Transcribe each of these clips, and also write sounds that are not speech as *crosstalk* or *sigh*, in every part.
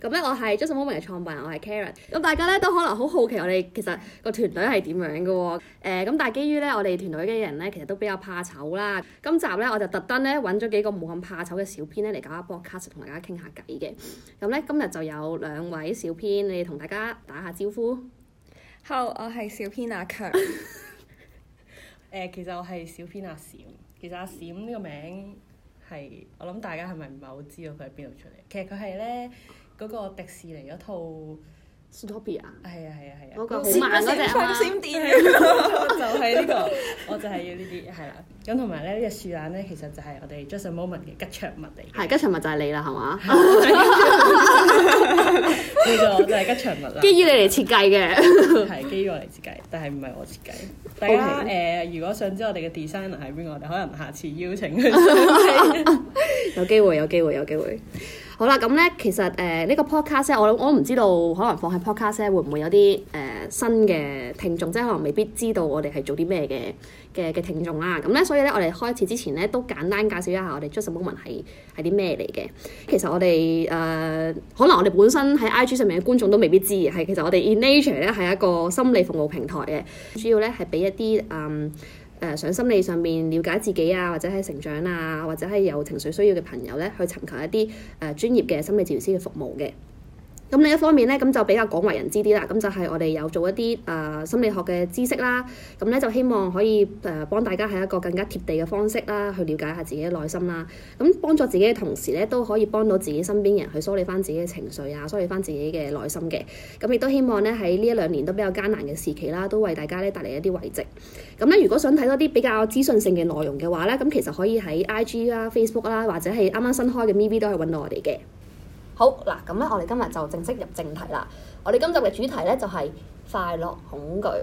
咁咧、嗯，我係 Joseph m o n 嘅創辦人，我係 Karen。咁、嗯、大家咧都可能好好奇我哋其實個團隊係點樣嘅喎、哦？咁、呃，但係基於咧我哋團隊嘅人咧，其實都比較怕醜啦。今集咧我就特登咧揾咗幾個冇咁怕醜嘅小編咧嚟搞一波 podcast，同大家傾下偈嘅。咁、嗯、咧今日就有兩位小編嚟同大家打下招呼。Hello，我係小編阿強。誒 *laughs* 、呃，其實我係小編阿閃。其實阿閃呢個名係我諗大家係咪唔係好知道佢喺邊度出嚟？其實佢係咧。 *laughs* 嗰個迪士尼嗰套 Stoppy 啊，係啊係啊係啊，嗰個好慢嗰隻閃電啊嘛，就係呢個，我就係要呢啲，係啦。咁同埋咧呢隻樹懶咧，其實就係我哋 Just a Moment 嘅吉祥物嚟。係吉祥物就係你啦，係嘛？叫做就係吉祥物啦。基於你嚟設計嘅，係基於我嚟設計，但係唔係我設計。大家誒，如果想知我哋嘅 designer 係邊個，我哋可能下次邀請佢出嚟。有機會有機會有機會。好啦，咁呢，其實誒呢、呃這個 podcast 咧，我我唔知道可能放喺 podcast 咧，會唔會有啲誒、呃、新嘅聽眾，即係可能未必知道我哋係做啲咩嘅嘅嘅聽眾啦。咁呢，所以呢，我哋開始之前呢，都簡單介紹一下我哋 Joseph Movement 係係啲咩嚟嘅。其實我哋誒、呃、可能我哋本身喺 IG 上面嘅觀眾都未必知嘅係其實我哋 In Nature 咧係一個心理服務平台嘅，主要呢係俾一啲嗯。誒想心理上面了解自己啊，或者係成長啊，或者係有情緒需要嘅朋友咧，去尋求一啲誒專業嘅心理治療師嘅服務嘅。咁另一方面呢，咁就比較廣為人知啲啦。咁就係我哋有做一啲誒、呃、心理學嘅知識啦。咁呢，就希望可以誒、呃、幫大家喺一個更加貼地嘅方式啦，去了解下自己嘅內心啦。咁幫助自己嘅同時呢，都可以幫到自己身邊嘅人去梳理翻自己嘅情緒啊，梳理翻自己嘅內心嘅。咁亦都希望呢，喺呢一兩年都比較艱難嘅時期啦，都為大家呢帶嚟一啲慰藉。咁呢，如果想睇多啲比較資訊性嘅內容嘅話呢，咁其實可以喺 IG 啦、啊、Facebook 啦、啊，或者係啱啱新開嘅 MeWe 都係揾到我哋嘅。好嗱，咁咧，我哋今日就正式入正題啦。我哋今集嘅主題咧就係快樂恐懼。誒、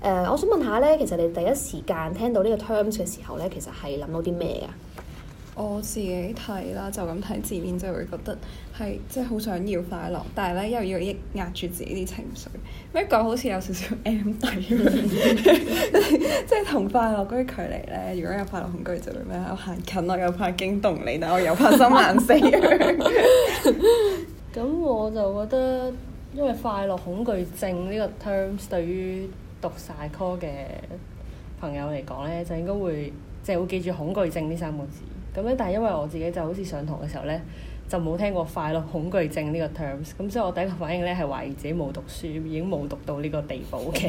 嗯，uh, 我想問下咧，其實你第一時間聽到呢個 terms 嘅時候咧，其實係諗到啲咩啊？嗯我自己睇啦，就咁睇字面，就會覺得係，即係好想要快樂，但係咧又要抑壓住自己啲情緒，咩講好似有少少 M 底咁樣、 *laughs* *laughs* 就係、即係同快樂啲距離咧。如果有快樂恐懼症咧，我行近我又怕驚動你，但我又怕心硬死咁。 *laughs* *laughs* 我就覺得，因為快樂恐懼症呢個 terms 對於讀曬科嘅朋友嚟講咧，就應該會即係會記住恐懼症呢三個字。咁咧，但係因為我自己就好似上堂嘅時候咧，就冇聽過快樂恐懼症呢個 terms，咁所以我第一個反應咧係懷疑自己冇讀書，已經冇讀到呢個地步嘅。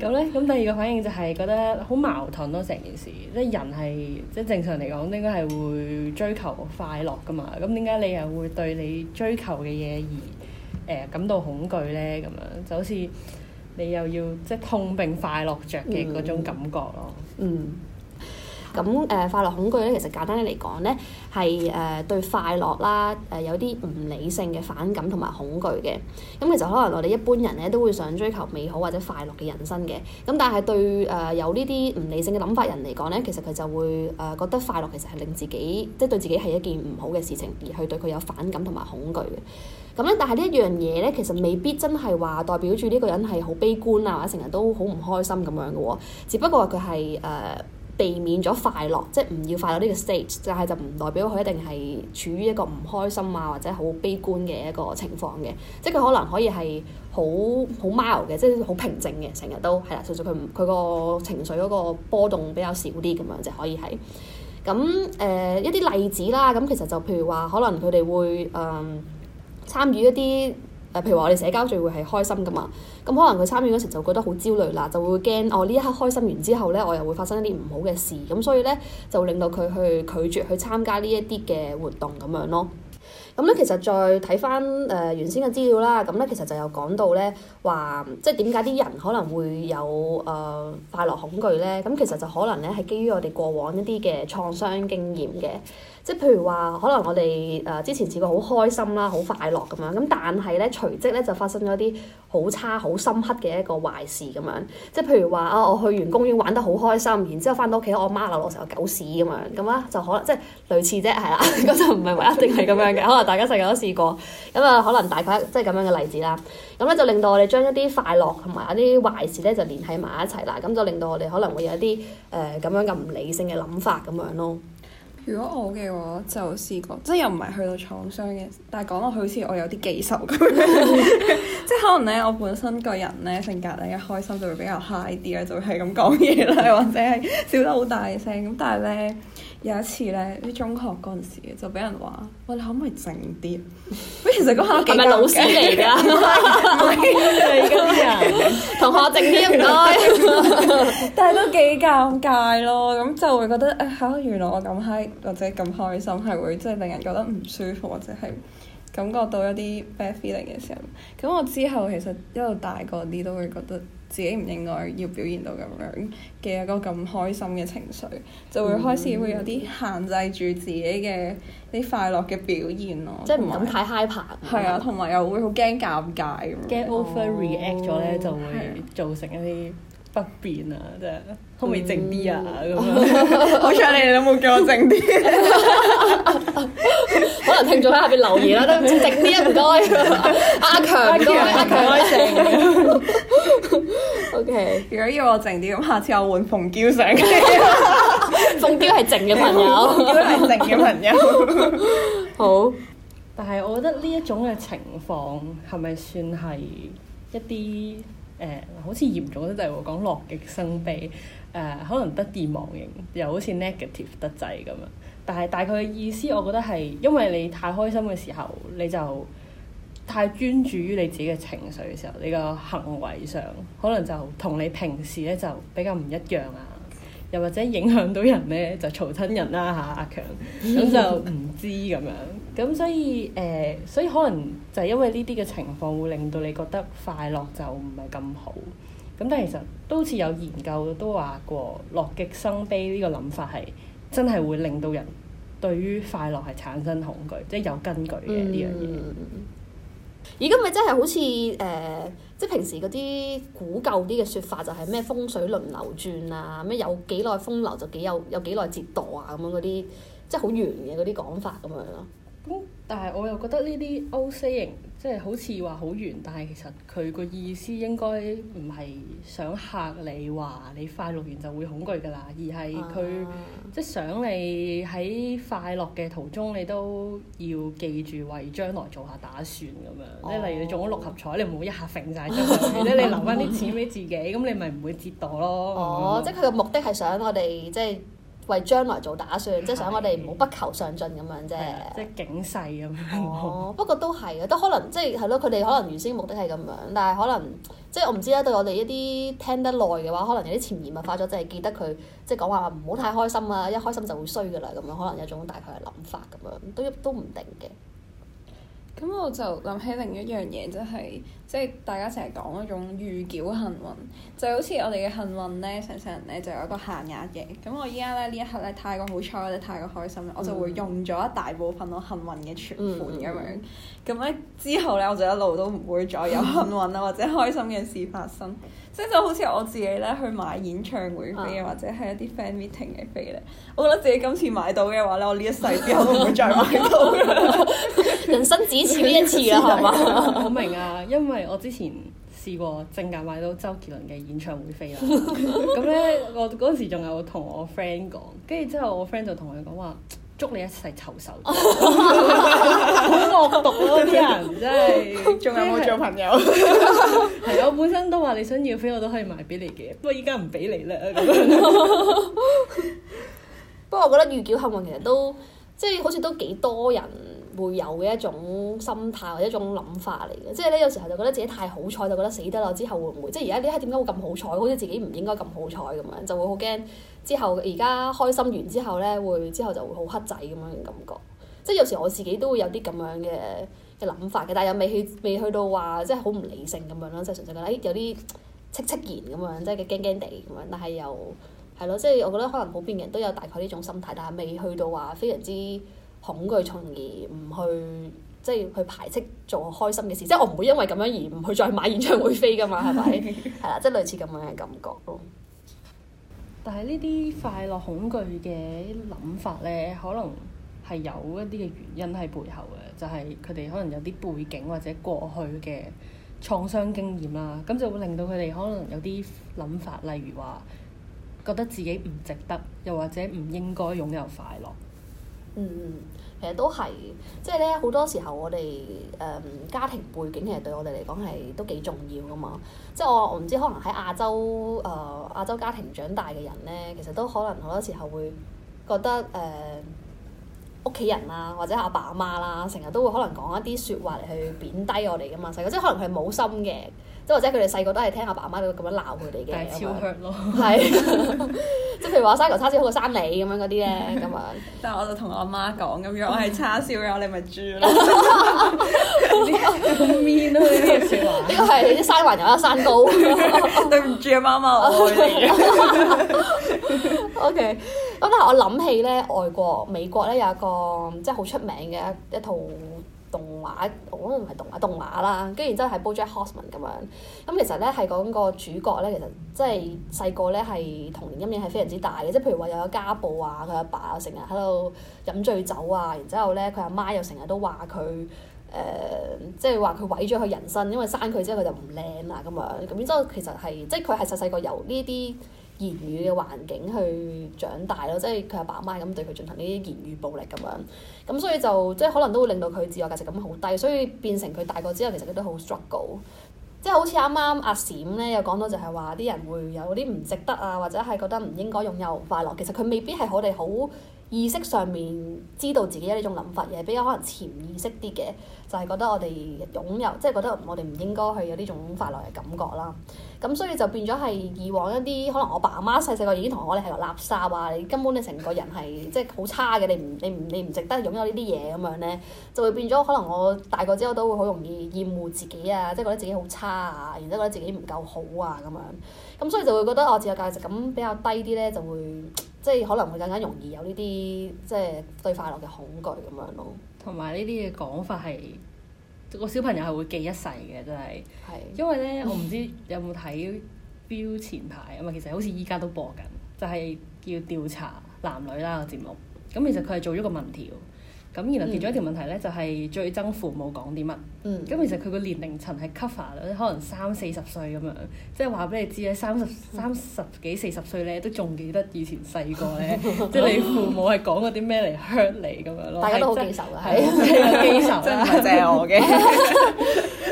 咁咧， *laughs* 咁第二個反應就係覺得好矛盾咯，成件事，即係人係即係正常嚟講應該係會追求快樂㗎嘛。咁點解你又會對你追求嘅嘢而誒感到恐懼咧？咁樣就好似你又要即係痛並快樂着嘅嗰種感覺咯。嗯。嗯。咁誒、呃、快樂恐懼咧，其實簡單啲嚟講咧，係誒、呃、對快樂啦誒、呃、有啲唔理性嘅反感同埋恐懼嘅。咁、嗯、其實可能我哋一般人咧都會想追求美好或者快樂嘅人生嘅。咁、嗯、但係對誒、呃、有呢啲唔理性嘅諗法人嚟講咧，其實佢就會誒、呃、覺得快樂其實係令自己，即係對自己係一件唔好嘅事情，而去對佢有反感同埋恐懼嘅。咁、嗯、咧，但係呢一樣嘢咧，其實未必真係話代表住呢個人係好悲觀啊，或者成日都好唔開心咁樣嘅喎。只不過佢係誒。呃避免咗快樂，即係唔要快樂呢個 state，但係就唔代表佢一定係處於一個唔開心啊，或者好悲觀嘅一個情況嘅，即係佢可能可以係好好 mild 嘅，即係好平靜嘅，成日都係啦，其實佢佢個情緒嗰個波動比較少啲咁樣就係、可以係。咁誒、呃、一啲例子啦，咁其實就譬如話，可能佢哋會誒參與一啲。譬如話我哋社交聚會係開心㗎嘛，咁可能佢參與嗰時就覺得好焦慮啦，就會驚哦呢一刻開心完之後呢，我又會發生一啲唔好嘅事，咁所以呢，就令到佢去拒絕去參加呢一啲嘅活動咁樣咯。咁、嗯、咧其實再睇返誒原先嘅資料啦，咁、嗯、咧其實就有講到呢話，即係點解啲人可能會有誒、呃、快樂恐懼呢？咁、嗯、其實就可能咧係基於我哋過往一啲嘅創傷經驗嘅。即係譬如話，可能我哋誒、呃、之前試過好開心啦，好快樂咁樣。咁但係咧，隨即咧就發生咗啲好差、好深刻嘅一個壞事咁樣。即係譬如話啊，我去完公園玩得好開心，然後之後翻到屋企，我媽又落成個狗屎咁樣。咁啊，就可能即係類似啫，係啦。咁 *laughs* *laughs* 就唔係話一定係咁樣嘅。可能大家細個都試過。咁啊，可能大概即係咁樣嘅例子啦。咁咧就令到我哋將一啲快樂同埋一啲壞事咧就聯繫埋一齊啦。咁就令到我哋可能會有一啲誒咁樣嘅唔理性嘅諗法咁樣咯。如果我嘅話我就試過，即係又唔係去到創傷嘅，但係講落去，好似我有啲記仇咁，即係可能咧我本身個人咧性格咧一開心就會比較 high 啲啦，就會係咁講嘢啦， *laughs* 或者係笑得好大聲咁，但係咧。有一次咧，啲中學嗰陣時就俾人話，喂，你可唔可以靜啲？喂，其實嗰下都幾，係咪老師嚟㗎？同學靜啲唔該，但係都幾尷尬咯。咁就會覺得，嚇、哎，原來我咁 high 或者咁開心，係會即係令人覺得唔舒服或者係，感覺到一啲 bad feeling 嘅時候，咁我之後其實一路大個啲都會覺得自己唔應該要表現到咁樣嘅一個咁開心嘅情緒，就會開始會有啲限制住自己嘅啲快樂嘅表現咯，嗯、有即係唔敢太 hyper 有。啊，同埋、啊、又會好驚尷尬，驚 over react 咗咧、哦、就會造成一啲。不便啊，真係可唔可以靜啲啊？咁樣好彩 *laughs* *laughs* 你哋都冇叫我靜啲，可能聽眾喺下面留言啦，都唔知靜啲唔該，阿強強，阿強強靜。 *laughs* o Okay . K， *laughs* 如果要我靜啲，咁下次我換馮嬌上。馮 *laughs* 嬌係靜嘅朋友，馮 *laughs* *laughs* 嬌係靜嘅朋友。 *laughs* 好， *laughs* 但係我覺得呢一種嘅情況係咪算係一啲？誒、uh, 好似嚴重啲就係會講樂極生悲，誒、uh, 可能得意忘形，又好似 negative 得滯咁樣，但係大概嘅意思，我覺得係因為你太開心嘅時候，你就太專注於你自己嘅情緒嘅時候，你個行為上可能就同你平時咧就比較唔一樣啊。又或者影響到人呢，就嘈親人啦嚇，阿強，咁就唔知咁樣。咁所以誒、呃，所以可能就係因為呢啲嘅情況，會令到你覺得快樂就唔係咁好。咁但係其實都好似有研究都話過，樂極生悲呢個諗法係真係會令到人對於快樂係產生恐懼，即係有根據嘅呢樣嘢。嗯。而家咪真係好似誒、呃，即係平時嗰啲古舊啲嘅説法，就係、是、咩風水輪流轉啊，咩有幾耐風流就幾有有幾耐折墮啊，咁樣嗰啲即係好圓嘅嗰啲講法咁樣咯。咁、嗯、但係我又覺得呢啲 old saying。即係好似話好完，但係其實佢個意思應該唔係想嚇你話你快樂完就會恐懼㗎啦，而係佢、uh. 即係想你喺快樂嘅途中，你都要記住為將來做下打算咁樣。即係、oh. 例如你中咗六合彩，你唔好一下揈晒出去或者 *laughs* 你留翻啲錢俾自己，咁 *laughs* 你咪唔會折墮咯。哦、oh，即係佢嘅目的係想我哋即係。為將來做打算，即係想我哋唔好不求上進咁的樣啫。即係警世咁樣。哦，不過都係啊，都可能即係係咯，佢哋可能原先目的係咁樣，但係可能即係我唔知啦。對我哋一啲聽得耐嘅話，可能有啲潛移默化咗，就係記得佢即係講話唔好太開心啊，一開心就會衰㗎喇咁樣。可能有一種大概嘅諗法咁樣，都都唔定嘅。咁我就諗起另一樣嘢、就係，即係即係大家成日講嗰種預繳幸運，就係、好似我哋嘅幸運咧，成世人咧就有一個限額嘅。咁我依家咧呢一刻咧太過好彩，或太過開心，嗯、我就會用咗一大部分我幸運嘅存款咁樣。咁咧、嗯、之後咧，我就一路都唔會再有幸運啦，或者開心嘅事發生。即係、嗯、就好似我自己咧去買演唱會飛，或者係一啲 fan meeting 嘅飛咧，我覺得自己今次買到嘅話咧，我呢一世之後都唔會再買到。 *laughs* *laughs* 人生只此呢一次啦，係嘛？ *laughs* *laughs* 我明啊，因為我之前試過正價買到周杰倫嘅演唱會飛啦。咁咧 *laughs* *laughs* ，我嗰時仲有同我 friend 講，跟住之後我 friend 就同佢講話，祝你一世臭手。好 *laughs* *laughs* 惡毒嗰啲 *laughs* 人真係，仲 *laughs* 有冇做朋友？係， *laughs* *laughs* *laughs* *laughs* *laughs* 我本身都話你想要飛，我都可以賣俾你嘅，不過依家唔俾你啦 *laughs* *laughs* *laughs* 不過我覺得預繳幸運其實都即係好似都幾多人。會有嘅一種心態或者一種諗法嚟嘅，即係咧有時候就覺得自己太好彩，就覺得死得啦，之後會唔會？即係而家呢刻點解會咁好彩？好似自己唔應該咁好彩咁樣，就會好驚。之後而家開心完之後咧，會之後就會好黑仔咁樣嘅感覺。即係有時我自己都會有啲咁樣嘅嘅諗法嘅，但係又未去未去到話即係好唔理性咁樣咯，即係純粹覺得有啲戚戚然咁樣，即係驚驚地咁樣。但係又係咯，即係我覺得可能普遍人都有大概呢種心態，但係未去到話非常之。恐懼，從而唔去，即係去排斥做開心嘅事。即係我唔會因為咁樣而唔去再買演唱會飛噶嘛，係咪？ *laughs* 係啦，即係類似咁樣嘅感覺咯。 *laughs* 但係呢啲快樂恐懼嘅諗法呢，可能係有一啲嘅原因喺背後嘅，就係佢哋可能有啲背景或者過去嘅創傷經驗啦、啊，咁就會令到佢哋可能有啲諗法，例如話覺得自己唔值得，又或者唔應該擁有快樂。嗯，其實都係，即係咧好多時候我哋誒、嗯、家庭背景其實對我哋嚟講係都幾重要噶嘛。即、就、係、是、我我唔知可能喺亞洲誒、呃、亞洲家庭長大嘅人咧，其實都可能好多時候會覺得誒屋企人啦或者阿爸阿媽，媽啦，成日都會可能講一啲説話嚟去貶低我哋噶嘛細個，即係、就是、可能佢冇心嘅，即或者佢哋細個都係聽阿爸阿媽咁樣鬧佢哋嘅。係吧。 *laughs* *laughs* 譬如話生舊叉燒好過生你咁樣嗰啲咧咁啊！ *laughs* 但係我就同我阿媽講咁樣，我係叉燒嘅， *laughs* 你咪豬咯！面咯呢啲食話，係啲山還有一山高。對唔住啊，媽媽，我愛你，O K，咁但係我諗起咧，外國美國咧有一個即係好出名嘅一一套。動畫，我可能唔係動畫，動畫啦，跟住然之後係 BoJack Horseman 咁樣。咁其實咧係講個主角咧，其實即係細個咧係童年陰影係非常之大嘅，即係譬如話有個家暴啊，佢阿爸成日喺度飲醉酒啊，然之後咧佢阿媽又成日都話佢誒，即係話佢毀咗佢人生，因為生佢之後佢就唔靚啦咁樣，咁然之後其實係即係佢係細細個由呢啲。言語嘅環境去長大咯，即係佢阿爸阿媽咁對佢進行呢啲言語暴力咁樣，咁所以就即係可能都會令到佢自我價值感好低，所以變成佢大個之後其實佢都好 struggle。即係好似啱啱阿閃咧，有講到就係話啲人會有啲唔值得啊，或者係覺得唔應該擁有快樂，其實佢未必係我哋好。意識上面知道自己有呢種諗法嘅，比較可能潛意識啲嘅，就係覺得我哋擁有，即係覺得我哋唔應該去有呢種快樂嘅感覺啦。咁所以就變咗係以往一啲可能我爸媽細細個已經同我哋，你係個垃圾啊，你根本你成個人係即係好差嘅，你唔你唔值得擁有呢啲嘢咁樣呢，就會變咗可能我大個之後都會好容易厭惡自己啊，即係覺得自己好差啊，然之後覺得自己唔夠好啊咁樣，咁所以就會覺得我自我價值感比較低啲呢，就會。即係可能會更加容易有呢啲即係對快樂嘅恐懼咁樣咯。同埋呢啲嘅講法係個小朋友係會記一世嘅，真係。係是。因為咧， *laughs* 我唔知有冇睇標前排啊？唔係，其實好似依家都播緊，就係、是、叫調查男女啦、個節目。咁其實佢係做咗個問調。咁然後其中一條問題咧，嗯、就係最憎父母講啲乜。咁其實佢個年齡層係 cover 啦，可能三四十歲咁樣，即係話俾你知咧，三十三十幾四十歲咧都仲記得以前細個咧， *laughs* *laughs* 即係你父母係講嗰啲咩嚟 hurt 你咁樣咯。大家都好記仇㗎，係記仇啦，即係我嘅。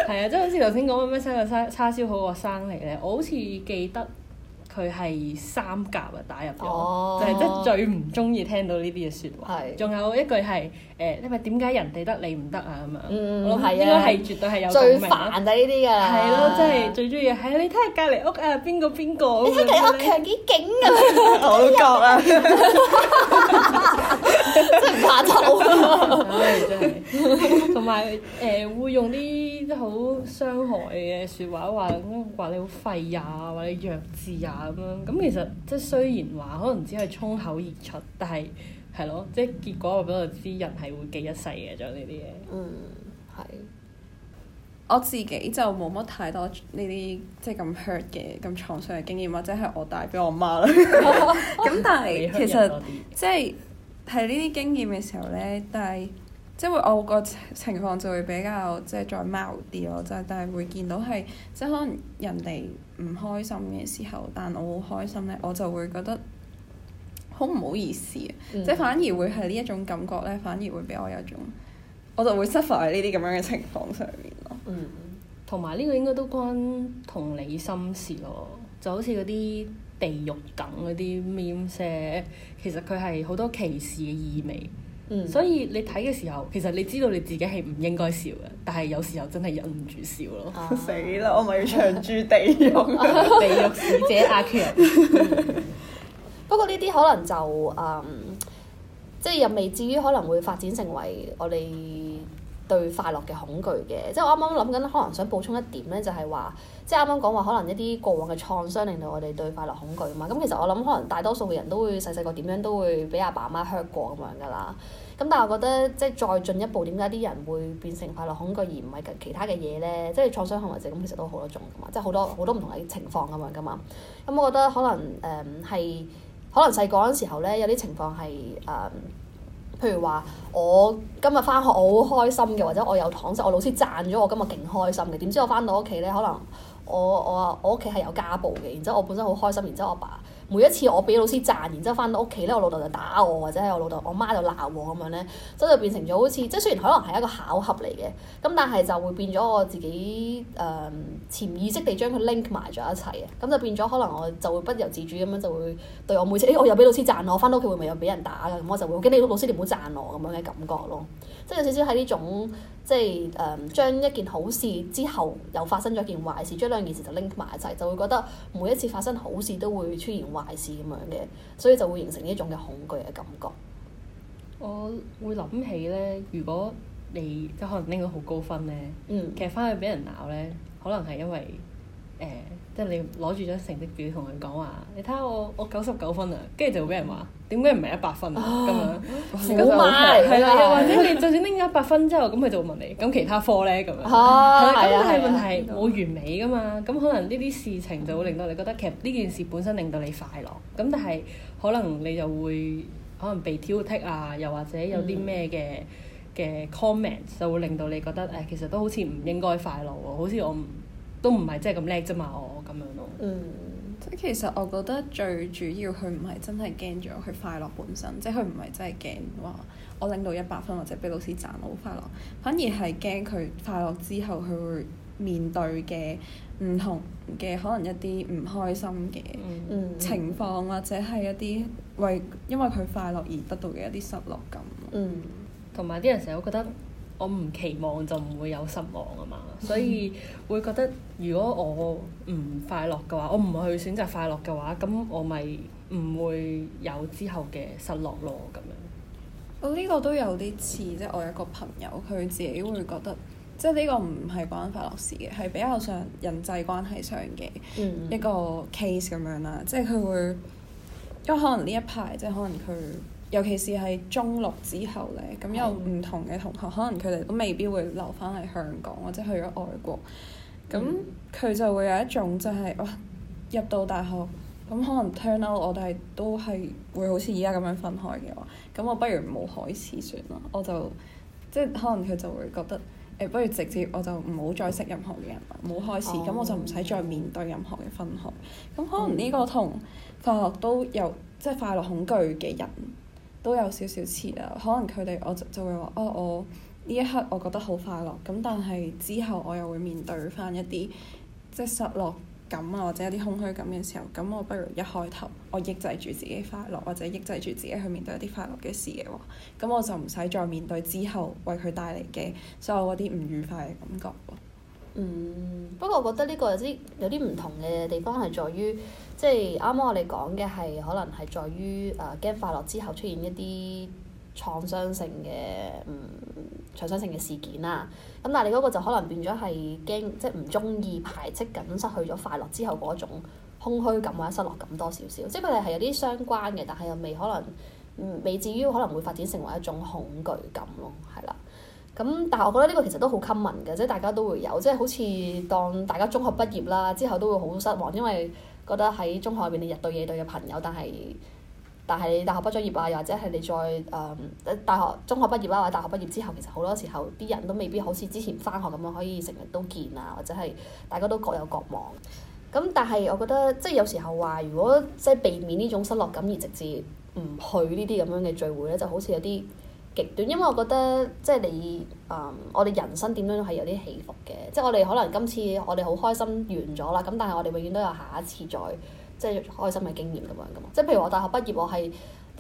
係啊，即係好似頭先講咩生個生叉燒好過生你咧，我好似記得。佢係三甲啊！打入咗，就係即最唔中意聽到呢啲嘅説話。仲有一句係誒，你咪點解人哋得你唔得啊？咁啊，嗯，係啊，應該係絕對係有。最煩就係呢啲嘅，係咯，即係最中意喺你睇下隔離屋啊，邊個邊個？你睇隔離屋強幾勁啊！我都覺啊，真係唔怕醜。真係，同埋誒會用啲好傷害嘅説話，話講話你好廢呀，或者弱智呀。咁樣，咁其實即係雖然話可能只係衝口而出，但係係咯，即係結果我嗰度知人係會記一世嘅，將呢啲嘢。嗯，係。我自己就冇乜太多呢啲即係咁 hurt 嘅咁創傷嘅經驗，或者係我帶俾我媽啦。咁、哦、 *laughs* *laughs* 但係其實 *laughs* 即係喺呢啲經驗嘅時候咧，但係即係我個情況就會比較即係再貓啲咯，即係但係會見到係即係可能人哋。唔開心嘅時候，但我好開心呢，我就會覺得好唔好意思啊，嗯、即係反而會係呢一種感覺呢，反而會俾我有一種，我就會 suffer 喺呢啲咁樣嘅情況上面咯。嗯，同埋呢個應該都關同理心事咯，就好似嗰啲地獄梗嗰啲 meme 社，其實佢係好多歧視嘅意味。嗯、所以你睇嘅時候，其實你知道你自己係唔應該笑嘅，但係有時候真係忍唔住笑咯。死啦、啊！ *laughs* 我咪要長住地獄， *laughs* 地獄使者阿強。不過呢啲可能就誒，即、嗯、係、就是、又未至於可能會發展成為我哋。對快樂嘅恐懼嘅，即係我啱啱諗緊，可能想補充一點咧，就係話，即係啱啱講話，可能一啲過往嘅創傷，令到我哋對快樂恐懼啊嘛。咁、嗯、其實我諗，可能大多數嘅人都會細細個點樣都會俾阿爸阿媽 hurt 過咁樣噶啦。咁、嗯、但係我覺得，即係再進一步，點解啲人會變成快樂恐懼而唔係其他嘅嘢咧？即係創傷恐懼症咁，其實都好多種噶嘛，即係好多好多唔同嘅情況咁樣噶嘛。咁我覺得可能誒係、呃，可能細個嗰陣時候咧，有啲情況係誒。呃譬如話，我今日翻學好開心嘅，或者我有糖食，我老師讚咗我，今日勁開心嘅。點知我翻到屋企咧，可能我我我屋企係有家暴嘅，然之後我本身好開心，然之後我爸。每一次我俾老師讚，然之後翻到屋企咧，我老豆就打我，或者係我老豆、我媽就鬧我咁樣咧，真就變成咗好似，即係雖然可能係一個巧合嚟嘅，咁但係就會變咗我自己誒潛、呃、意識地將佢 link 埋咗一齊啊，咁就變咗可能我就會不由自主咁樣就會對我每次：哎「我又俾老師讚我，我翻到屋企會唔會又俾人打㗎？咁我就會驚你個老師你唔好讚我咁樣嘅感覺咯，即係有少少喺呢種即係誒將一件好事之後又發生咗一件壞事，將兩件事就 link 埋一齊，就會覺得每一次發生好事都會出現壞事咁樣嘅，所以就會形成呢一種嘅恐懼嘅感覺。我會諗起呢，如果你即可能拎到好高分呢，嗯，其實翻去俾人鬧呢，可能係因為。即係你攞住張成績表同佢講話，你睇下我我九十九分，分啊，跟住就會俾人話點解唔係一百分啊咁樣，冇買係啦。或者你就算拎咗一百分之後，咁佢 *laughs* 就會問你，咁其他科咧，咁樣。哦，係啊。咁樣但係問題冇完美噶嘛，咁可能呢啲事情就會令到你覺得其實呢件事本身令到你快樂，咁但係可能你就會可能被挑剔啊，又或者有啲咩嘅嘅 comment 就會令到你覺得誒、哎，其實都好似唔應該快樂喎，好似我唔。都唔係真係咁叻啫嘛，我咁樣咯。嗯，即其實我覺得最主要佢唔係真係驚咗，佢快樂本身，即係佢唔係真係驚話我領到一百分或者俾老師讚好快樂。反而係驚佢快樂之後，佢會面對嘅唔同嘅可能一啲唔開心嘅情況，嗯、或者係一啲為因為佢快樂而得到嘅一啲失落感。嗯。同埋啲人成日都覺得我唔期望就唔會有失望啊嘛。所以會覺得，如果我唔快樂嘅話，我唔去選擇快樂嘅話，咁我咪唔會有之後嘅失落咯，嗯。咁樣呢個都有啲似，即係我一個朋友，佢自己會覺得，即係呢個唔係關快樂事嘅，係比較上人際關係上嘅一個 case 咁樣啦。即係佢會，因為可能呢一排，即係可能佢。尤其是係中六之後呢，咁有唔同嘅同學，oh. 可能佢哋都未必會留翻嚟香港，或者去咗外國。咁佢、mm. 就會有一種就係、是、哇入到大學咁，可能 turn out 我哋都係會好似而家咁樣分開嘅話，咁我不如冇開始算啦。我就即係可能佢就會覺得誒、欸，不如直接我就唔好再識任何嘅人，冇開始咁，oh. 我就唔使再面對任何嘅分開。咁可能呢個同快樂都有、mm. 即係快樂恐懼嘅人。都有少少似啊，可能佢哋我就就會話，哦，我呢一刻我覺得好快樂。咁但係之後我又會面對翻一啲即係失落感啊，或者一啲空虛感嘅時候，咁我不如一開頭，我抑制住自己快樂，或者抑制住自己去面對一啲快樂嘅事嘅話，咁我就唔使再面對之後為佢帶嚟嘅所有嗰啲唔愉快嘅感覺。嗯，不過我覺得呢個有啲有啲唔同嘅地方係在於，即係啱啱我哋講嘅係可能係在於誒驚、呃、快樂之後出現一啲創傷性嘅嗯創傷性嘅事件啦。咁、嗯、但係你嗰個就可能變咗係驚即係唔鍾意排斥緊失去咗快樂之後嗰種空虛感或者失落感多少少。即係佢哋係有啲相關嘅，但係又未可能、嗯、未至於可能會發展成為一種恐懼感咯，係啦。咁，但係我覺得呢個其實都好 common 嘅，即係大家都會有，即係好似當大家中學畢業啦，之後都會好失望，因為覺得喺中學入邊你日對夜對嘅朋友，但係但係你大學畢咗業啊，又或者係你再誒、呃、大學中學畢業啦，或者大學畢業之後，其實好多時候啲人都未必好似之前返學咁樣可以成日都見啊，或者係大家都各有各忙。咁但係我覺得即係有時候話，如果即係避免呢種失落感而直接唔去呢啲咁樣嘅聚會咧，就好似有啲極短，因為我覺得即係你，誒、嗯，我哋人生點樣都係有啲起伏嘅。即係我哋可能今次我哋好開心完咗啦，咁但係我哋永遠都有下一次再即係開心嘅經驗咁樣噶嘛。即係譬如我大學畢業，我係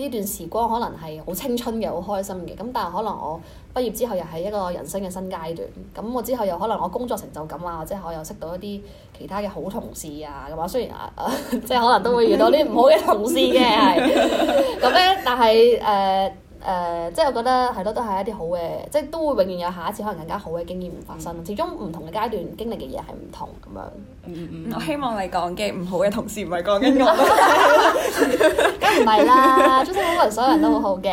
呢段時光可能係好青春嘅、好開心嘅。咁但係可能我畢業之後又係一個人生嘅新階段。咁我之後又可能我工作成就感啊，即係我又識到一啲其他嘅好同事啊。咁啊，雖然啊、呃，即係可能都會遇到啲唔好嘅同事嘅係。咁咧， *laughs* *laughs* 但係誒。呃誒，即係、uh, 我覺得係咯，都係一啲好嘅，即、就、係、是、都會永遠有下一次可能更加好嘅經驗發生。 *music* 始終唔同嘅階段經歷嘅嘢係唔同咁樣。我希望你講嘅唔好嘅同事唔係講緊我，梗唔係啦。 *laughs* 中心好園所有人都好好嘅，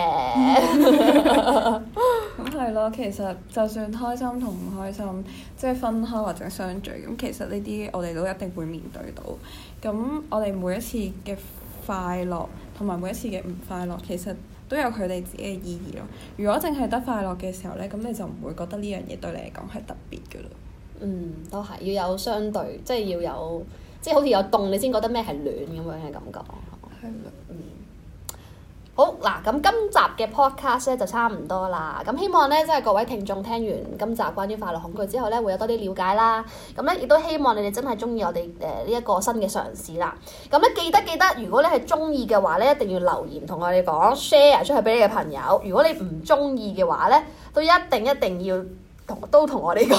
咁係咯。其實就算開心同唔開心，即、就、係、是、分開或者相聚咁，其實呢啲我哋都一定會面對到。咁我哋每一次嘅快樂同埋每一次嘅唔快樂，其實～都有佢哋自己嘅意義咯。如果淨係得快樂嘅時候呢，咁你就唔會覺得呢樣嘢對你嚟講係特別嘅咯。嗯，都係要有相對，即係要有，即係好似有凍你先覺得咩係暖咁樣嘅感覺。係咯，嗯。好嗱，咁今集嘅 podcast 咧就差唔多啦。咁希望咧，即係各位聽眾聽完今集關於快樂恐懼之後咧，會有多啲了解啦。咁咧，亦都希望你哋真係中意我哋誒呢一個新嘅嘗試啦。咁咧，記得記得，如果你係中意嘅話咧，一定要留言同我哋講，share 出去俾你嘅朋友。如果你唔中意嘅話咧，都一定一定要同都同我哋講，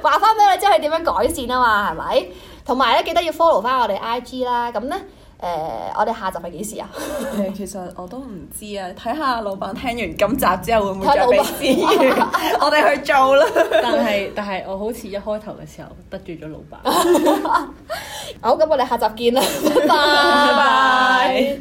話翻俾我知點樣改善啊嘛，係咪？同埋咧，記得要 follow 翻我哋 IG 啦。咁咧。誒、呃，我哋下集係幾時啊？ *laughs* 其實我都唔知啊，睇下老闆聽完今集之後會唔會再俾資源，老 *laughs* 我哋去做啦。 *laughs* *laughs* 但係但係，我好似一開頭嘅時候得罪咗老闆。 *laughs* *laughs* 好，咁我哋下集見啦，拜 *laughs* 拜。